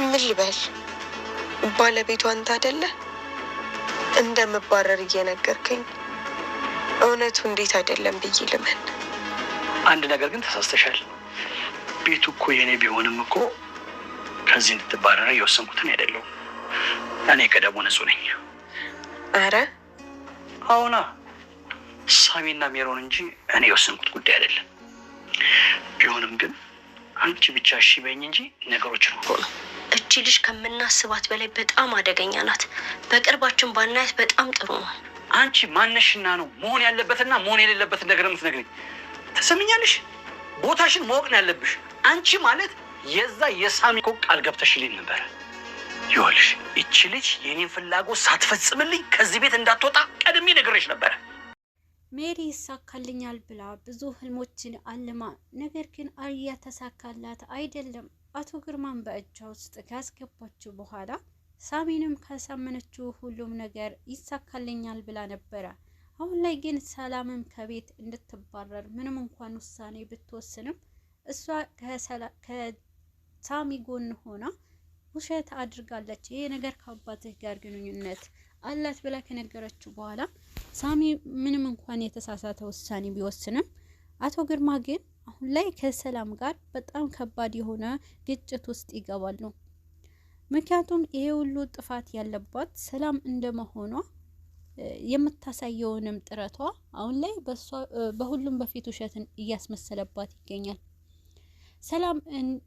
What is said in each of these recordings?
ምን ልበል ባለቤቱ አንተ አደለ እንደምባረር እየነገርከኝ እውነቱ እንዴት አይደለም ብዬ ልመን። አንድ ነገር ግን ተሳስተሻል። ቤቱ እኮ የእኔ ቢሆንም እኮ ከዚህ እንድትባረረ የወሰንኩትን አይደለሁም። እኔ ከደሞ ንጹህ ነኝ። አረ አሁና ሳሚና ሜሮን እንጂ እኔ የወሰንኩት ጉዳይ አይደለም። ቢሆንም ግን አንቺ ብቻ እሺ እንጂ ነገሮችን እኮ ነው እቺ ልጅ ከምናስባት በላይ በጣም አደገኛ ናት። በቅርባችን ባናያት በጣም ጥሩ ነው። አንቺ ማነሽና ነው መሆን ያለበትና መሆን የሌለበትን ነገር የምትነግሪኝ? ትሰምኛለሽ? ቦታሽን ማወቅ ነው ያለብሽ። አንቺ ማለት የዛ የሳሚ እኮ ቃል ገብተሽልኝ ነበረ። ይኸውልሽ እቺ ልጅ የኔን ፍላጎት ሳትፈጽምልኝ ከዚህ ቤት እንዳትወጣ ቀድሜ ነግሬሽ ነበረ። ሜሪ ይሳካልኛል ብላ ብዙ ህልሞችን አልማ፣ ነገር ግን አያ ተሳካላት አይደለም። አቶ ግርማን በእጇ ውስጥ ካስገባችው በኋላ ሳሚንም ካሳመነችው ሁሉም ነገር ይሳካልኛል ብላ ነበረ። አሁን ላይ ግን ሰላምም ከቤት እንድትባረር ምንም እንኳን ውሳኔ ብትወስንም እሷ ከሳሚ ጎን ሆና ውሸት አድርጋለች። ይሄ ነገር ከአባትህ ጋር ግንኙነት አላት ብላ ከነገረችው በኋላ ሳሚ ምንም እንኳን የተሳሳተ ውሳኔ ቢወስንም አቶ ግርማ ግን አሁን ላይ ከሰላም ጋር በጣም ከባድ የሆነ ግጭት ውስጥ ይገባሉ። ምክንያቱም ይሄ ሁሉ ጥፋት ያለባት ሰላም እንደመሆኗ የምታሳየውንም ጥረቷ አሁን ላይ በሁሉም በፊት ውሸትን እያስመሰለባት ይገኛል። ሰላም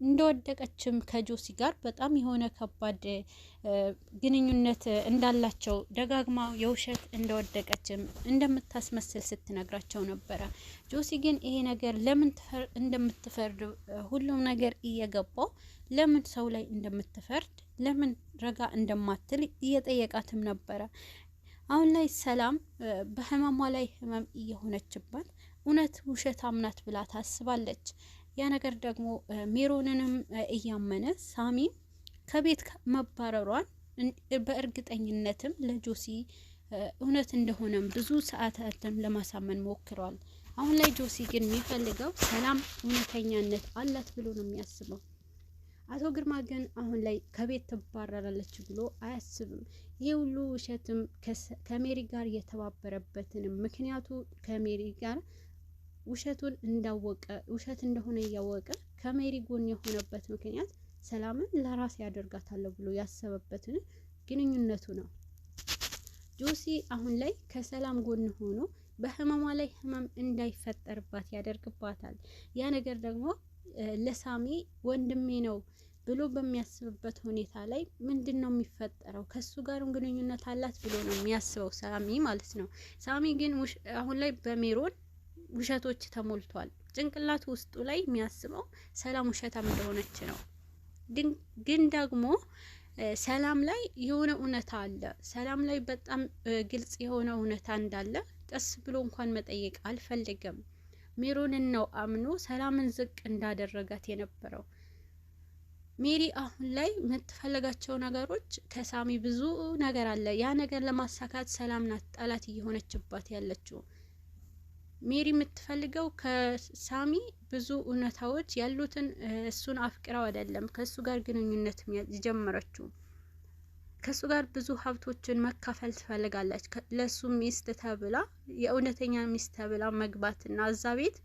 እንደወደቀችም ከጆሲ ጋር በጣም የሆነ ከባድ ግንኙነት እንዳላቸው ደጋግማ የውሸት እንደወደቀችም እንደምታስመስል ስትነግራቸው ነበረ። ጆሲ ግን ይሄ ነገር ለምን እንደምትፈርድ ሁሉም ነገር እየገባው ለምን ሰው ላይ እንደምትፈርድ ለምን ረጋ እንደማትል እየጠየቃትም ነበረ። አሁን ላይ ሰላም በህመሟ ላይ ህመም እየሆነችባት እውነት ውሸት አምናት ብላ ታስባለች። ያ ነገር ደግሞ ሜሮንንም እያመነ ሳሚ ከቤት መባረሯን በእርግጠኝነትም ለጆሲ እውነት እንደሆነም ብዙ ሰዓታትን ለማሳመን ሞክሯል። አሁን ላይ ጆሲ ግን የሚፈልገው ሰላም እውነተኛነት አላት ብሎ ነው የሚያስበው። አቶ ግርማ ግን አሁን ላይ ከቤት ትባረራለች ብሎ አያስብም። ይህ ሁሉ ውሸትም ከሜሪ ጋር የተባበረበትንም ምክንያቱ ከሜሪ ጋር ውሸቱን እንዳወቀ ውሸት እንደሆነ እያወቀ ከሜሪ ጎን የሆነበት ምክንያት ሰላምን ለራሴ ያደርጋታለሁ ብሎ ያሰበበትን ግንኙነቱ ነው። ጆሲ አሁን ላይ ከሰላም ጎን ሆኖ በህመሟ ላይ ህመም እንዳይፈጠርባት ያደርግባታል። ያ ነገር ደግሞ ለሳሚ ወንድሜ ነው ብሎ በሚያስብበት ሁኔታ ላይ ምንድን ነው የሚፈጠረው? ከሱ ጋርም ግንኙነት አላት ብሎ ነው የሚያስበው ሳሚ ማለት ነው። ሳሚ ግን አሁን ላይ በሜሮን ውሸቶች ተሞልቷል። ጭንቅላቱ ውስጡ ላይ የሚያስበው ሰላም ውሸታም እንደሆነች ነው። ግን ደግሞ ሰላም ላይ የሆነ እውነታ አለ። ሰላም ላይ በጣም ግልጽ የሆነ እውነታ እንዳለ ቀስ ብሎ እንኳን መጠየቅ አልፈለገም። ሜሮንን ነው አምኖ ሰላምን ዝቅ እንዳደረጋት የነበረው። ሜሪ አሁን ላይ የምትፈልጋቸው ነገሮች ከሳሚ ብዙ ነገር አለ። ያ ነገር ለማሳካት ሰላም ናት ጠላት እየሆነችባት ያለችው። ሜሪ የምትፈልገው ከሳሚ ብዙ እውነታዎች ያሉትን እሱን አፍቅራው አይደለም ከእሱ ጋር ግንኙነት የጀመረችው። ከእሱ ጋር ብዙ ሀብቶችን መካፈል ትፈልጋለች። ለእሱ ሚስት ተብላ የእውነተኛ ሚስት ተብላ መግባትና እዛ ቤት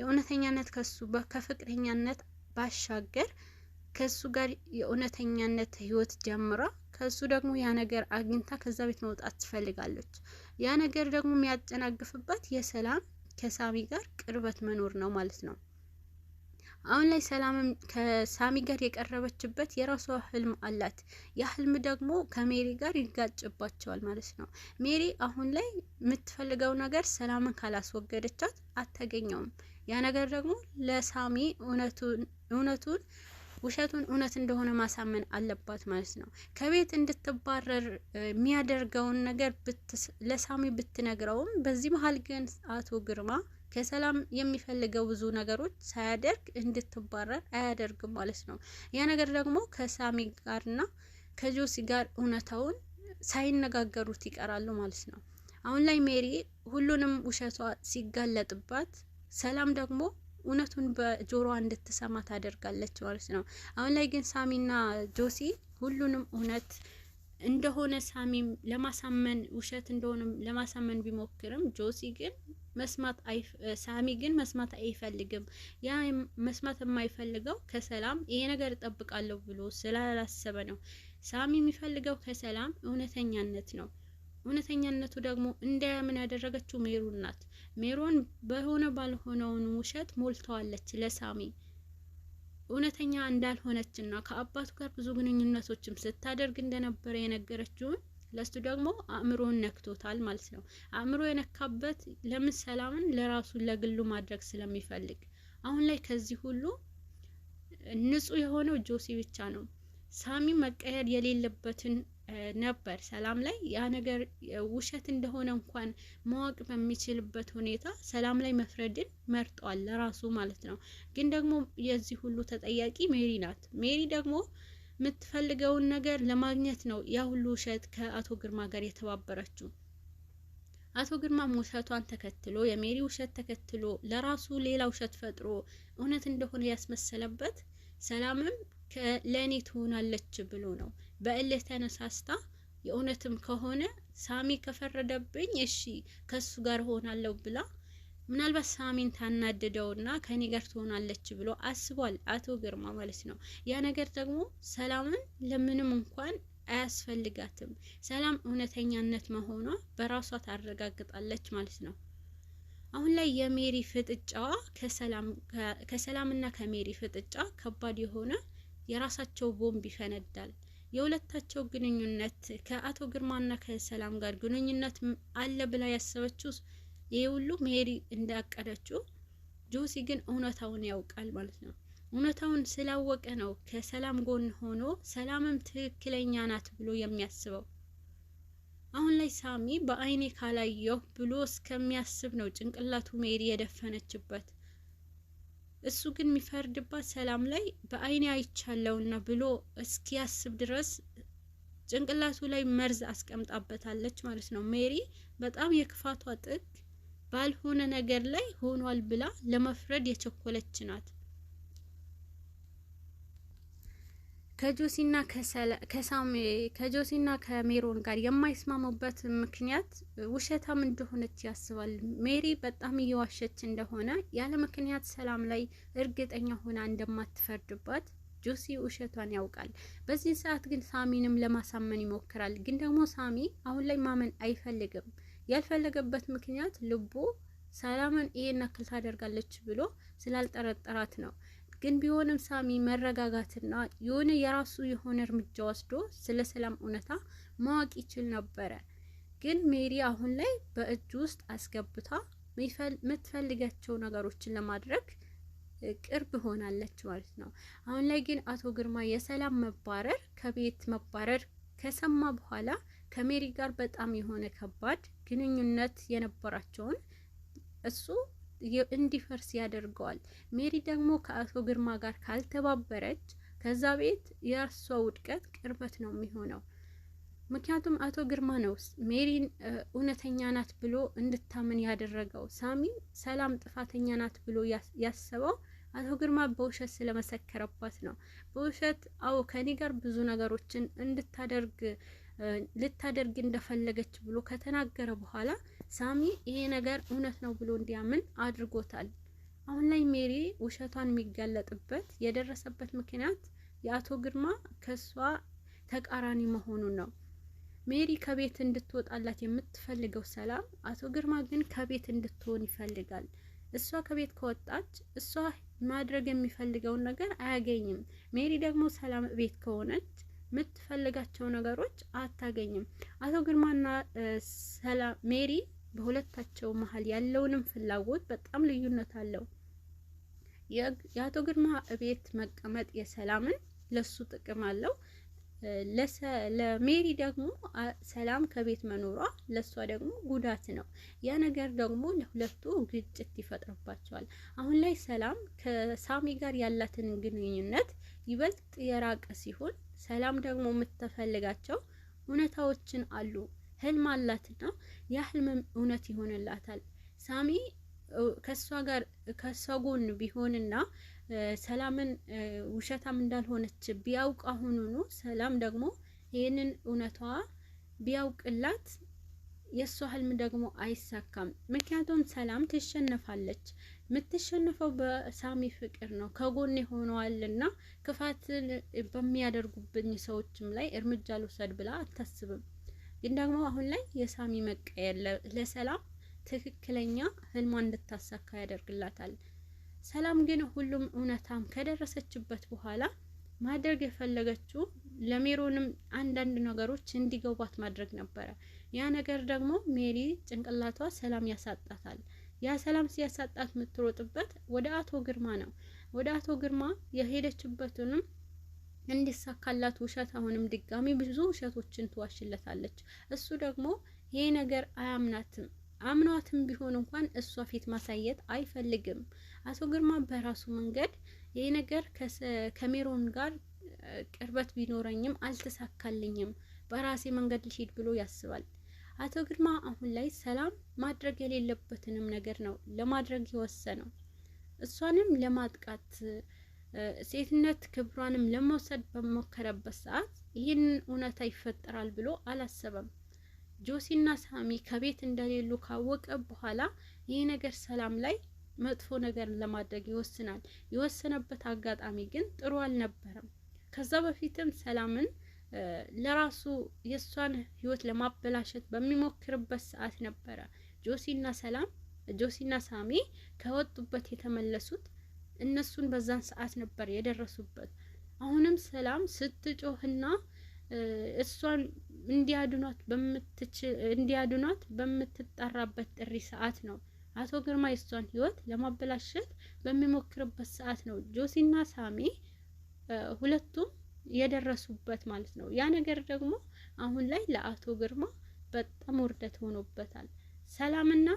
የእውነተኛነት ከሱ ከፍቅረኛነት ባሻገር ከእሱ ጋር የእውነተኛነት ህይወት ጀምራ ከእሱ ደግሞ ያ ነገር አግኝታ ከዛ ቤት መውጣት ትፈልጋለች። ያ ነገር ደግሞ የሚያጨናግፍበት የሰላም ከሳሚ ጋር ቅርበት መኖር ነው ማለት ነው። አሁን ላይ ሰላምም ከሳሚ ጋር የቀረበችበት የራሷ ህልም አላት። ያ ህልም ደግሞ ከሜሪ ጋር ይጋጭባቸዋል ማለት ነው። ሜሪ አሁን ላይ የምትፈልገው ነገር ሰላምን ካላስወገደቻት አታገኘውም። ያ ነገር ደግሞ ለሳሚ እውነቱን ውሸቱን እውነት እንደሆነ ማሳመን አለባት ማለት ነው። ከቤት እንድትባረር የሚያደርገውን ነገር ለሳሚ ብትነግረውም በዚህ መሀል ግን አቶ ግርማ ከሰላም የሚፈልገው ብዙ ነገሮች ሳያደርግ እንድትባረር አያደርግም ማለት ነው። ያ ነገር ደግሞ ከሳሚ ጋርና ከጆሲ ጋር እውነታውን ሳይነጋገሩት ይቀራሉ ማለት ነው። አሁን ላይ ሜሪ ሁሉንም ውሸቷ ሲጋለጥባት፣ ሰላም ደግሞ እውነቱን በጆሮዋ እንድትሰማ ታደርጋለች ማለት ነው። አሁን ላይ ግን ሳሚና ጆሲ ሁሉንም እውነት እንደሆነ ሳሚም ለማሳመን ውሸት እንደሆነ ለማሳመን ቢሞክርም ጆሲ ግን መስማት ሳሚ ግን መስማት አይፈልግም። ያ መስማት የማይፈልገው ከሰላም ይሄ ነገር እጠብቃለሁ ብሎ ስላላሰበ ነው። ሳሚ የሚፈልገው ከሰላም እውነተኛነት ነው። እውነተኛነቱ ደግሞ እንዳያምን ያደረገችው ሜሮን ናት። ሜሮን በሆነ ባልሆነውን ውሸት ሞልተዋለች ለሳሚ እውነተኛ እንዳልሆነች ከአባቱ ጋር ብዙ ግንኙነቶችም ስታደርግ እንደነበረ የነገረችውን ለሱ ደግሞ አእምሮን ነክቶታል ማለት ነው። አእምሮ የነካበት ለምን ሰላምን ለራሱን ለግሉ ማድረግ ስለሚፈልግ አሁን ላይ ከዚህ ሁሉ ንጹህ የሆነው ጆሲ ብቻ ነው። ሳሚ መቀየር የሌለበትን ነበር ሰላም ላይ ያ ነገር ውሸት እንደሆነ እንኳን ማወቅ በሚችልበት ሁኔታ ሰላም ላይ መፍረድን መርጧል ለራሱ ማለት ነው። ግን ደግሞ የዚህ ሁሉ ተጠያቂ ሜሪ ናት። ሜሪ ደግሞ የምትፈልገውን ነገር ለማግኘት ነው ያ ሁሉ ውሸት ከአቶ ግርማ ጋር የተባበረችው። አቶ ግርማም ውሸቷን ተከትሎ የሜሪ ውሸት ተከትሎ ለራሱ ሌላ ውሸት ፈጥሮ እውነት እንደሆነ ያስመሰለበት ሰላምም ለእኔ ትሆናለች ብሎ ነው። በእልህ ተነሳስታ የእውነትም ከሆነ ሳሚ ከፈረደብኝ እሺ ከሱ ጋር ሆናለሁ ብላ ምናልባት ሳሚን ታናድደውና ከኔ ጋር ትሆናለች ብሎ አስቧል አቶ ግርማ ማለት ነው። ያ ነገር ደግሞ ሰላምን ለምንም እንኳን አያስፈልጋትም። ሰላም እውነተኛነት መሆኗ በራሷ ታረጋግጣለች ማለት ነው። አሁን ላይ የሜሪ ፍጥጫዋ ከሰላምና ከሜሪ ፍጥጫ ከባድ የሆነ የራሳቸው ቦምብ ይፈነዳል። የሁለታቸው ግንኙነት ከአቶ ግርማና ከሰላም ጋር ግንኙነት አለ ብላ ያሰበችው ይህ ሁሉ ሜሪ እንዳቀደችው፣ ጆሲ ግን እውነታውን ያውቃል ማለት ነው። እውነታውን ስላወቀ ነው ከሰላም ጎን ሆኖ ሰላምም ትክክለኛ ናት ብሎ የሚያስበው። አሁን ላይ ሳሚ በአይኔ ካላየሁ ብሎ እስከሚያስብ ነው ጭንቅላቱ ሜሪ የደፈነችበት። እሱ ግን የሚፈርድባት ሰላም ላይ በአይኔ አይቻለውና ብሎ እስኪያስብ ድረስ ጭንቅላቱ ላይ መርዝ አስቀምጣበታለች ማለት ነው። ሜሪ በጣም የክፋቷ ጥግ ባልሆነ ነገር ላይ ሆኗል ብላ ለመፍረድ የቸኮለች ናት። ከጆሲና ከጆሲና ከሜሮን ጋር የማይስማሙበት ምክንያት ውሸታም እንደሆነች ያስባል። ሜሪ በጣም እየዋሸች እንደሆነ ያለ ምክንያት ሰላም ላይ እርግጠኛ ሆና እንደማትፈርድባት ጆሲ ውሸቷን ያውቃል። በዚህ ሰዓት ግን ሳሚንም ለማሳመን ይሞክራል። ግን ደግሞ ሳሚ አሁን ላይ ማመን አይፈልግም። ያልፈለገበት ምክንያት ልቡ ሰላምን ይሄን ያክል ታደርጋለች ብሎ ስላልጠረጠራት ነው። ግን ቢሆንም ሳሚ መረጋጋትና የሆነ የራሱ የሆነ እርምጃ ወስዶ ስለ ሰላም እውነታ ማወቅ ይችል ነበረ። ግን ሜሪ አሁን ላይ በእጅ ውስጥ አስገብታ የምትፈልጋቸው ነገሮችን ለማድረግ ቅርብ ሆናለች ማለት ነው። አሁን ላይ ግን አቶ ግርማ የሰላም መባረር ከቤት መባረር ከሰማ በኋላ ከሜሪ ጋር በጣም የሆነ ከባድ ግንኙነት የነበራቸውን እሱ እንዲፈርስ ያደርገዋል። ሜሪ ደግሞ ከአቶ ግርማ ጋር ካልተባበረች ከዛ ቤት የእርሷ ውድቀት ቅርበት ነው የሚሆነው። ምክንያቱም አቶ ግርማ ነው ሜሪን እውነተኛ ናት ብሎ እንድታምን ያደረገው። ሳሚ ሰላም ጥፋተኛ ናት ብሎ ያሰበው አቶ ግርማ በውሸት ስለመሰከረባት ነው። በውሸት አዎ ከኔ ጋር ብዙ ነገሮችን እንድታደርግ ልታደርግ እንደፈለገች ብሎ ከተናገረ በኋላ ሳሚ ይሄ ነገር እውነት ነው ብሎ እንዲያምን አድርጎታል። አሁን ላይ ሜሪ ውሸቷን የሚጋለጥበት የደረሰበት ምክንያት የአቶ ግርማ ከሷ ተቃራኒ መሆኑን ነው። ሜሪ ከቤት እንድትወጣላት የምትፈልገው ሰላም፣ አቶ ግርማ ግን ከቤት እንድትሆን ይፈልጋል። እሷ ከቤት ከወጣች እሷ ማድረግ የሚፈልገውን ነገር አያገኝም። ሜሪ ደግሞ ሰላም ቤት ከሆነች የምትፈልጋቸው ነገሮች አታገኝም። አቶ ግርማና ሰላም ሜሪ በሁለታቸው መሀል ያለውንም ፍላጎት በጣም ልዩነት አለው። የአቶ ግርማ ቤት መቀመጥ የሰላምን ለሱ ጥቅም አለው። ለሜሪ ደግሞ ሰላም ከቤት መኖሯ ለሷ ደግሞ ጉዳት ነው። ያ ነገር ደግሞ ለሁለቱ ግጭት ይፈጥርባቸዋል። አሁን ላይ ሰላም ከሳሚ ጋር ያላትን ግንኙነት ይበልጥ የራቀ ሲሆን ሰላም ደግሞ የምትፈልጋቸው እውነታዎችን አሉ። ህልም አላትና ያ ህልምም እውነት ይሆንላታል። ሳሚ ከእሷ ጋር ከእሷ ጎን ቢሆንና ሰላምን ውሸታም እንዳልሆነች ቢያውቅ አሁኑኑ ሰላም ደግሞ ይህንን እውነቷ ቢያውቅላት የእሷ ህልም ደግሞ አይሳካም። ምክንያቱም ሰላም ትሸነፋለች። የምትሸነፈው በሳሚ ፍቅር ነው። ከጎን ሆነዋልና ክፋትን በሚያደርጉብኝ ሰዎችም ላይ እርምጃ ልውሰድ ብላ አታስብም። ግን ደግሞ አሁን ላይ የሳሚ መቀየር ለሰላም ትክክለኛ ህልሟ እንድታሳካ ያደርግላታል። ሰላም ግን ሁሉም እውነታም ከደረሰችበት በኋላ ማድረግ የፈለገችው ለሜሮንም አንዳንድ ነገሮች እንዲገቧት ማድረግ ነበረ። ያ ነገር ደግሞ ሜሪ ጭንቅላቷ ሰላም ያሳጣታል። ያ ሰላም ሲያሳጣት የምትሮጥበት ወደ አቶ ግርማ ነው። ወደ አቶ ግርማ የሄደችበትንም እንዲሳካላት ውሸት አሁንም ድጋሚ ብዙ ውሸቶችን ትዋሽለታለች። እሱ ደግሞ ይሄ ነገር አያምናትም። አምኗትም ቢሆን እንኳን እሷ ፊት ማሳየት አይፈልግም። አቶ ግርማ በራሱ መንገድ ይህ ነገር ከሜሮን ጋር ቅርበት ቢኖረኝም አልተሳካልኝም፣ በራሴ መንገድ ሊሄድ ብሎ ያስባል። አቶ ግርማ አሁን ላይ ሰላም ማድረግ የሌለበትንም ነገር ነው ለማድረግ የወሰነው። እሷንም ለማጥቃት ሴትነት ክብሯንም ለመውሰድ በሞከረበት ሰዓት ይህን እውነታ ይፈጠራል ብሎ አላሰበም። ጆሲና ሳሚ ከቤት እንደሌሉ ካወቀ በኋላ ይህ ነገር ሰላም ላይ መጥፎ ነገር ለማድረግ ይወስናል። የወሰነበት አጋጣሚ ግን ጥሩ አልነበረም። ከዛ በፊትም ሰላምን ለራሱ የእሷን ህይወት ለማበላሸት በሚሞክርበት ሰዓት ነበረ ጆሲና ሰላም ጆሲና ሳሚ ከወጡበት የተመለሱት። እነሱን በዛን ሰዓት ነበር የደረሱበት። አሁንም ሰላም ስትጮህና እሷን እንዲያድኗት በምትችል እንዲያድኗት በምትጠራበት ጥሪ ሰዓት ነው አቶ ግርማ የእሷን ህይወት ለማበላሸት በሚሞክርበት ሰዓት ነው ጆሲና ሳሚ ሁለቱም የደረሱበት ማለት ነው። ያ ነገር ደግሞ አሁን ላይ ለአቶ ግርማ በጣም ውርደት ሆኖበታል። ሰላምና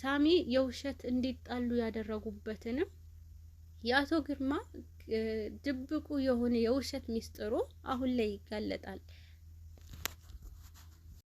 ሳሚ የውሸት እንዲጣሉ ያደረጉበትንም የአቶ ግርማ ድብቁ የሆነ የውሸት ሚስጥሩ አሁን ላይ ይጋለጣል።